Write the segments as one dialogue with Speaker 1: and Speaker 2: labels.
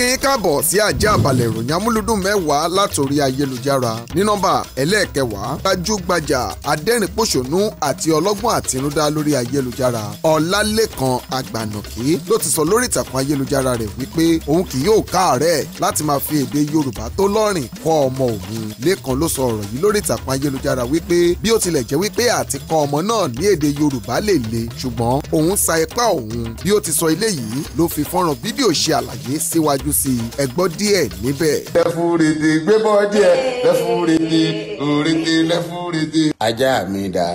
Speaker 1: kí n káàbọ̀ sí àjẹ́ àbàlẹ̀ ìròyìn amúlùdùn mẹ́wàá látòrí ayélujára ní nọ́mbà ẹlẹ́ẹ̀kẹwàá gbajúgbajà adẹ́rìnpòṣónú àti ọlọ́gbọ́n àtinúdá lórí ayélujára ọlálékan àgbànàkí ló ti sọ lórí ìtàkùn ayélujára rẹ̀ wípé òun kì yóò káàárẹ̀ láti máa fi èdè yorùbá tó lọ́rìn kọ́ ọmọ òun lékan ló sọ ọ̀rọ̀ yìí lórí ìtàkùn ayélujára wípé bí ó tilẹ̀ jẹ́ wípé àti kọ́ ọmọ náà ní èdè yorùbá lè le ṣùgbọ́n òun sa ipá òun bí ó ti sọ eléyìí ló fi fọ́nrán fídíò ṣe àlàyé síwájú kù sí ẹ gbọ́ díẹ̀ níbẹ̀. lẹ́fúrèdè gbébọ́ díẹ̀ lẹ́fúrèdè òrèdè lẹ́fúrèdè. ajá mi dà.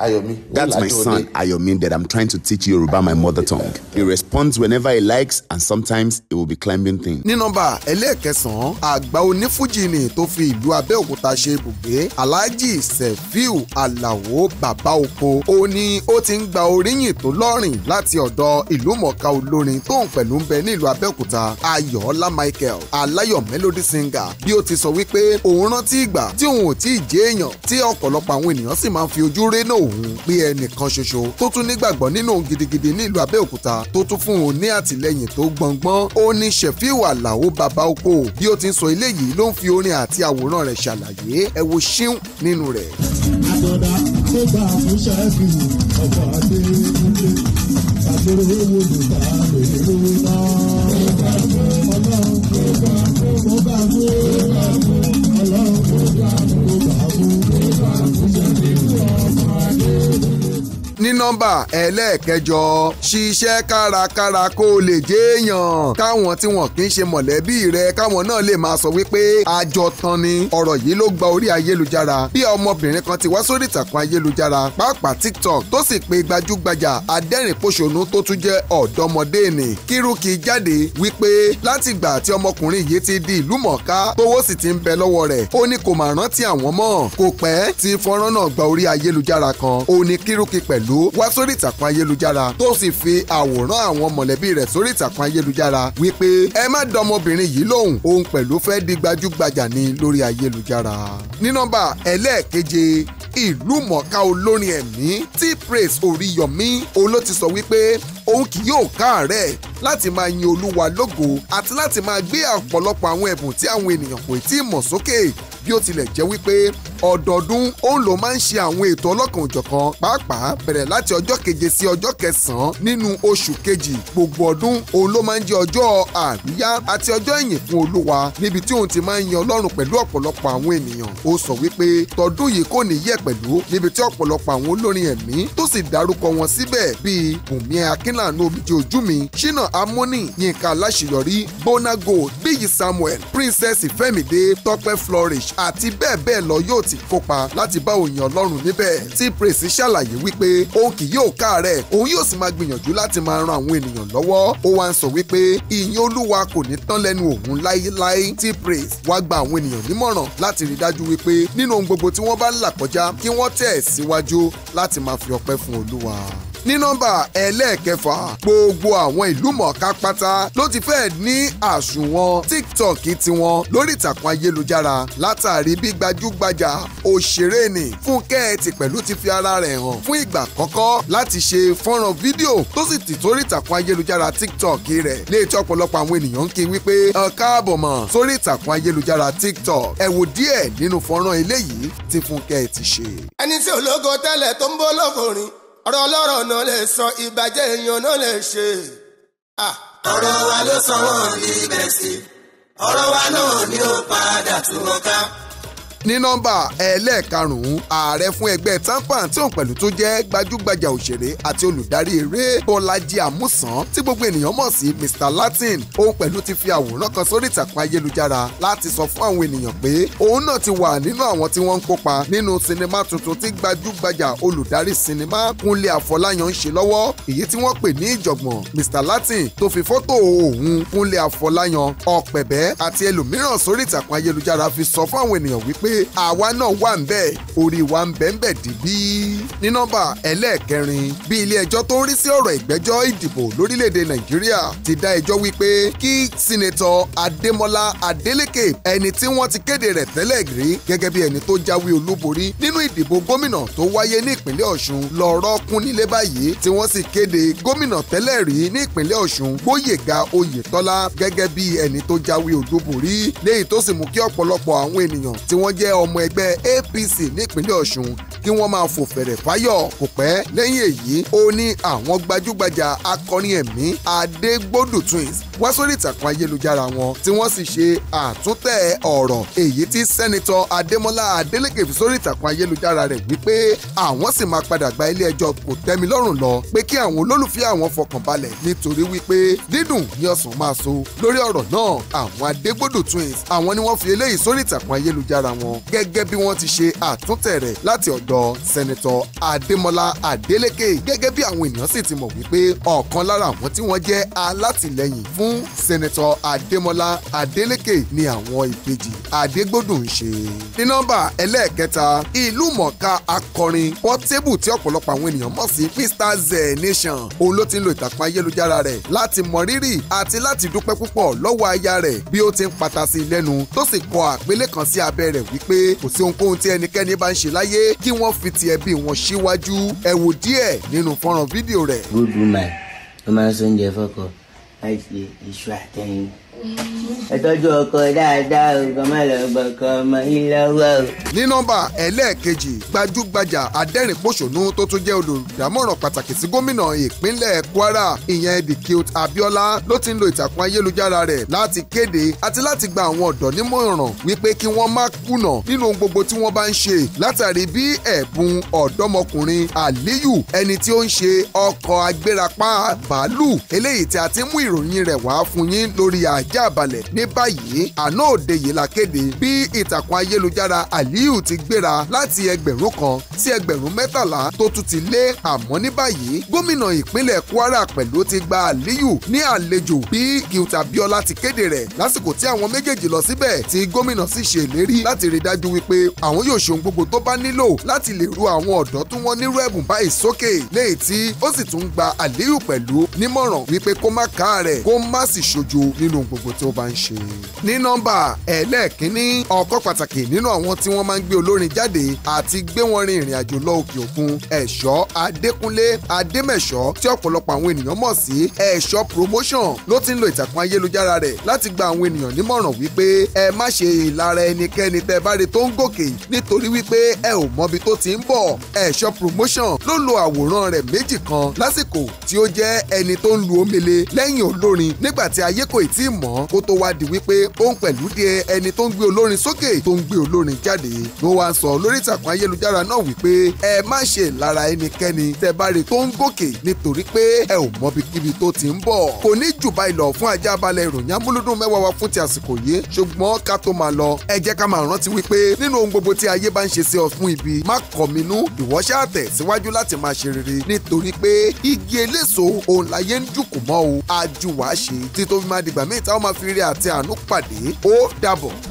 Speaker 1: Ayomi. That's my son, Ayomi, that I'm trying to teach Yoruba my mother tongue. He responds whenever he likes and sometimes it will be climbing things. Ní nọ́mbà ẹlẹ́ẹ̀kẹsàn-án, àgbà onífújì ni tó fi ìlú Abẹ́òkúta ṣe ibùgbé. Alhaji Sefiu Alao Bàbá Oko. Ó ní ó ti ń gba oríyìn tó lọ́rìn láti ọ̀dọ̀ ìlú mọ̀ọ́ká olórin tóun pẹ̀lú ń bẹ nílùú Abẹ́òkúta. Ayọ̀ọ́lá Michael Aláyọ̀ Melody Singer bí ó ti sọ wípé òun rántí ìgbà tí òun ò tí ì jẹ́ èèyàn tí ọ̀pọ̀lọpọ̀ àwọn ènìyàn sì máa ń fi ojú rénà òun pé ẹnìkan ṣoṣo tó tún nígbàgbọ́ nínú òun gidigidi ní ìlú Abẹ́òkúta tó tún fún òun ní àtìlẹ́yìn tó gbọ̀ngbọ́n ó ní Ṣẹ̀fíù Àlàó bàbá oko bí ó ti ń sọ eléyìí ló ń fi orin àti àwòrán rẹ̀ ṣàlàyé ẹ wo ṣíún nínú rẹ̀. àtọ̀dá tó gbà fún ṣẹ́ẹ̀fì ọ̀pọ̀ àti ìdílé àtòrò nọ́mbà ẹlẹ́ẹ̀kẹjọ ṣiṣẹ́ kárakára kó o lè jẹ́ èèyàn káwọn tí wọn kì í ṣe mọ̀lẹ́bí rẹ káwọn náà lè máa sọ wípé àjọtán ni ọ̀rọ̀ yìí ló gba orí ayélujára bí ọmọbìnrin kan ti wá sórí ìtàkùn ayélujára pàápàá tiktok tó sì pe gbajúgbajà adẹ́rìn-pọ̀ṣọ́nù tó tún jẹ́ ọ̀dọ́mọdé nì kírúkì jáde wípé látìgbà tí ọmọkùnrin yìí ti di ìlú mọ̀ká tówó sì ti ń bẹ lọ́wọ́ rẹ̀ ó ní kò mà rántí àwọn mọ́ kò pẹ́ tí fọ́nrán náà gba orí ayélujára kan ó ní kírúkì pẹ̀lú wá sórí ìtàkùn ayélujára tó sì fi àwòrán àwọn mọ̀lẹ́bí rẹ̀ sórí ìtàkùn ayélujára wípé ẹ má dọmọbìnrin yìí lóhùn òun pẹ̀lú fẹ́ di gbajúgbajà ní lórí ayélujára. ní nọ́mbà ẹlẹ́ẹ̀keje ìlúmọ̀ọ́ká olórin ẹ̀mí T-Praise Oríyọ̀mí òun ti sọ wípé òun kì yóò káàárẹ̀ láti máa yin Olúwa lógo àti láti máa gbé ọ̀pọ̀lọpọ̀ àwọn ẹ̀bùn tí àwọn ènìyàn kò tí ì mọ̀ sókè bí ó tilẹ̀ jẹ́ wípé ọ̀dọ̀ọdún òun ló máa ń ṣe àwọn ètò ọlọ́kan òjọ̀kan pàápàá bẹ̀rẹ̀ láti ọjọ́ keje sí ọjọ́ kẹsàn-án nínú oṣù kejì gbogbo ọdún òun ló máa ń jẹ́ ọjọ́ àríyá àti ọjọ́ ìyìn fún olúwa níbi tí òun ti máa ń yan ọlọ́run pẹ̀lú ọ̀pọ̀lọpọ̀ àwọn ènìyàn ó sọ wípé tọdún yìí kò ní yẹ̀ pẹ̀lú níbi tí ọ̀pọ̀lọpọ̀ àwọn olórin ẹ̀mí tó sì dárúkọ wọn síbẹ̀ bíi bùnmi akínlànà omijì ojú mi ṣínà amóní yínká aláṣeyọrí bonago bíyì samuel princess ifemide tọpẹ flourish àti bẹ́ẹ̀ bẹ́ẹ̀ lọ yóò láti kópa láti bá òyìn Ọlọ́run níbẹ̀ tí Praise ṣàlàyé wípé òun kì yóò káàárẹ̀ òun yóò sì máa gbìyànjú láti máa ran àwọn ènìyàn lọ́wọ́ ó wá ń sọ wípé ìyìn Olúwa kò ní tán lẹ́nu òun láéláé tí Praise wá gba àwọn ènìyàn nímọ̀ràn láti rí dájú wípé nínú ohun gbogbo tí wọ́n bá ń là kọjá kí wọ́n tẹ̀ síwájú láti máa fi ọpẹ́ fún Olúwa ní nọ́mbà ẹlẹ́ẹ̀kẹfà gbogbo àwọn ìlú mọ̀ọ́ká pátá ló ti fẹ́ẹ̀ ní àsùnwọ̀n tiktok tiwọn lórí ìtàkùn ayélujára látàrí bí gbajúgbajà òṣèré ni fúnkẹ́ tìpẹ̀lú ti fi ara rẹ̀ hàn fún ìgbà àkọ́kọ́ láti ṣe fọ́nrán fídíò tó sì ti torí ìtàkùn ayélujára tiktok rẹ̀ léètí ọ̀pọ̀lọpọ̀ àwọn ènìyàn ń kí wípé ẹ káàbọ̀ mọ̀ sórí ìtàkùn ayélujára tiktok ẹ wò díẹ̀ nínú fọ́nrán eléyìí tí fúnkẹ́ ti ṣe. ẹni tí ọ̀rọ̀ ọlọ́rọ̀ náà lè sọ ìbàjẹ́ èèyàn náà lè ṣe. ọ̀rọ̀ wa ló sọ wọ́n ní bẹ̀sì ọ̀rọ̀ wa náà ni ó padà tú ká ní nọ́mbà ẹlẹ́ẹ̀karùn-ún ààrẹ fún ẹgbẹ́ tampan tí òun pẹ̀lú tó jẹ́ gbajúgbajà òṣèré àti olùdarí eré bọ́lájí àmúsàn tí gbogbo ènìyàn mọ̀ sí mr latin òun pẹ̀lú ti fi àwòrán kan sórí ìtàkùn ayélujára láti sọ fún àwọn ènìyàn pé òun náà ti wà nínú àwọn tí wọ́n ń kópa nínú sinimá tuntun tí gbajúgbajà olùdarí sinimá kúnlé àfọláyàn ń ṣe lọ́wọ́ èyí tí wọ́n pè ní ìjọ̀gbọ̀n mr latin tó fi fọ́tò òun kúnlé àfọláyàn ọ̀pẹ̀bẹ́ àti ẹlòmíràn sórí ìtàkùn ayélujára fi sọ fún àwọn ènìyàn wípé pé àwa náà wà ń bẹ̀ orí wa ń bẹ̀ ń bẹ̀ dìbí. ní nọ́mbà ẹlẹ́ẹ̀kẹrin bí ilé ẹjọ́ tó ń rí sí ọ̀rọ̀ ìgbẹ́jọ́ ìdìbò lórílẹ̀‐èdè nàìjíríà ti dá ẹjọ́ wípé kí sínẹtọ̀ adémọlá adélèké ẹni tí wọ́n ti kéde rẹ̀ tẹ́lẹ̀ rí gẹ́gẹ́ bí ẹni tó jáwé olúborí nínú ìdìbò gómìnà tó wáyé ní ìpínlẹ̀ ọ̀ṣun lọ́rọ̀ kún nílé báyìí tí wọ́n sì kéde gómìnà tẹ́lẹ̀ rí ní ìpínlẹ̀ ọ̀ṣun gbóyèga oyètọ́lá gẹ́gẹ́ bí ẹni tó jáwé olúborí léyìí tó sì mú kí ọ̀pọ̀lọpọ̀ àwọn ènìyàn tí wọ́n jẹ́ ọmọ ẹgbẹ́ APC nípínlẹ̀ Ọ̀ṣun kí wọ́n máa fò fẹ̀rẹ̀ fáyọ̀ kò pẹ́ lẹ́yìn èyí ó ní àwọn gbajúgbajà akọrin ẹ̀mí Adégbòdù twins wá sórí ìtàkùn ayélujára wọn tí wọ́n sì ṣe àtúntẹ̀ ọ̀rọ̀ èyí tí sẹ́nitọ́ Adémọ́lá Adélékè fi sórí ìtàkùn ayélujára rẹ̀ wípé àwọn sì máa padà gba ilé ẹjọ́ kò tẹ́mi lọ́rùn lọ pé kí àwọn olólùfẹ́ àwọn fọkànbalẹ̀ nítorí wípé dídùn ni ọ̀sán máa so lórí ọ̀rọ̀ náà àwọn Adégbòdù twins àwọn ni wọ́n fi eléyìí sórí ìtàkùn ayélujára wọn gẹ́gẹ́ bí wọ́n ti ṣe àtúntẹ̀ rẹ̀ láti ọ̀dọ̀ sẹ́nitọ́ Adémọ́lá Adélékè gẹ́gẹ́ bí àwọn ènìyàn sì ti mọ̀ wípé ọ̀kan lára àwọn tí wọ́n jẹ́ alátìlẹ́yìn fún fún sẹ́nẹ̀tọ̀ adémọlá adélèké ni àwọn ìbejì adégbòdùn ń ṣe. ní nọ́mbà ẹlẹ́ẹ̀kẹta ìlú mọ̀ọ́ká akọrin pọ́tébù tí ọ̀pọ̀lọpọ̀ àwọn ènìyàn mọ̀ sí mr zenation òun ló ti ń lo ìtàkùn ayélujára rẹ̀ láti mọ rírì àti láti dúpẹ́ púpọ̀ lọ́wọ́ aya rẹ̀ bí ó ti ń pata sí i lẹ́nu tó sì kọ àpélé kan sí abẹ́ rẹ̀ wípé kò sí ohunkóhun tí ẹnikẹ́ni bá ń ṣe láyé kí wọ́n fi ti ẹbí wọn síwájú ẹ díẹ̀ nínú fọ́nrán fídíò rẹ̀. gúdùmá ló máa ń sọ oúnjẹ fọkọ هاي في شويحتين ẹ tọ́jú ọkọ dáadáa ìgbà mẹ́lẹ̀ ọgbàkọ ọmọ ilé wa. ní nọ́mbà ẹlẹ́ẹ̀kejì gbajúgbajà adẹ́rìnpòṣónú tó tún jẹ́ olùdámọ̀ràn pàtàkì sí gómìnà ìpínlẹ̀ Kwara ìyẹn Ridicule Abiola ló ti ń lo ìtàkùn ayélujára rẹ̀ láti kéde àti láti gba àwọn ọ̀dọ́ nímọ̀ràn wípé kí wọ́n má kùnà nínú ohun gbogbo tí wọ́n bá ń ṣe látàrí bí ẹ̀bùn ọ̀dọ́mọkùnrin Aliyu ẹni tí ó ń ṣe ọkọ̀ agbérapá bàálù eléyìí tí a ti já balẹ̀ ní báyìí àná òde yìí la kéde bí ìtàkùn ayélujára Aliyu ti gbéra láti ẹgbẹ̀rún kan sí ẹgbẹ̀rún mẹ́tàlá tó tún ti lé àmọ́ ní báyìí gómìnà ìpínlẹ̀ Kwara pẹ̀lú ti gba Aliyu ní àlejò bí Guilt biola ti kéde rẹ̀ lásìkò tí àwọn méjèèjì lọ síbẹ̀ tí gómìnà sì ṣe ìlérí láti rí dájú wípé àwọn yóò ṣe ohun gbogbo tó bá nílò láti lè ru àwọn ọ̀dọ́ tí wọ́n nírú ẹ̀bùn báyìí sókè léyìí tí ó sì tún gba Aliyu pẹ̀lú nímọ̀ràn wípé kó má káà rẹ̀ kó má sì ṣojo nínú gbogbo gbogbo tí ó bá ń ṣe. ní nọ́mbà ẹlẹ́ẹ̀kínní ọ̀kọ́ pàtàkì nínú àwọn tí wọ́n máa ń gbé olórin jáde àti gbé wọn rin ìrìn àjò lọ òkè òkun ẹ̀ṣọ́ adékúnlé adémẹ̀ṣọ́ tí ọ̀pọ̀lọpọ̀ àwọn ènìyàn mọ̀ sí ẹ̀ṣọ́ promotion ló ti ń lo ìtàkùn ayélujára rẹ̀ láti gba àwọn ènìyàn nímọ̀ràn wípé ẹ má ṣe ìlara ẹnikẹ́ni tẹ́ bá rí tó ń gòkè nítorí wípé ẹ ò mọbi tó ti ń bọ̀ ẹ̀ṣọ́ promotion ló lo àwòrán rẹ̀ méjì kan lásìkò tí ó jẹ́ ẹni tó ń lu omele lẹ́yìn olórin nígbà tí ayé kò ì mọ́ kó tó wá di wípé òun pẹ̀lú díẹ̀ ẹni tó ń gbé olórin sókè tó ń gbé olórin jáde ló wá ń sọ lórí ìtàkùn ayélujára náà wípé ẹ má ṣe lára ẹnikẹ́ni tẹ́ bá rí tó ń gòkè nítorí pé ẹ ò mọbikíbi tó ti ń bọ̀ kò ní jù báyìí lọ fún ajá balẹ̀ ìròyìn amúlùdùn mẹ́wàá wa fún ti àsìkò yìí ṣùgbọ́n ká tó máa lọ ẹ jẹ́ ká máa rántí wípé nínú ohun gbogbo tí ayé bá ń ṣe sí ọ fún ibi má kọ̀mínú ìwọ ṣáà síwájú láti máa ṣe rere nítorí pé igi eléso òun ń jùkù mọ́ o àjùwà ṣe títí tó fi máa dìgbà míì táwọn máa fi ire àti àánú pàdé ó dàbọ̀.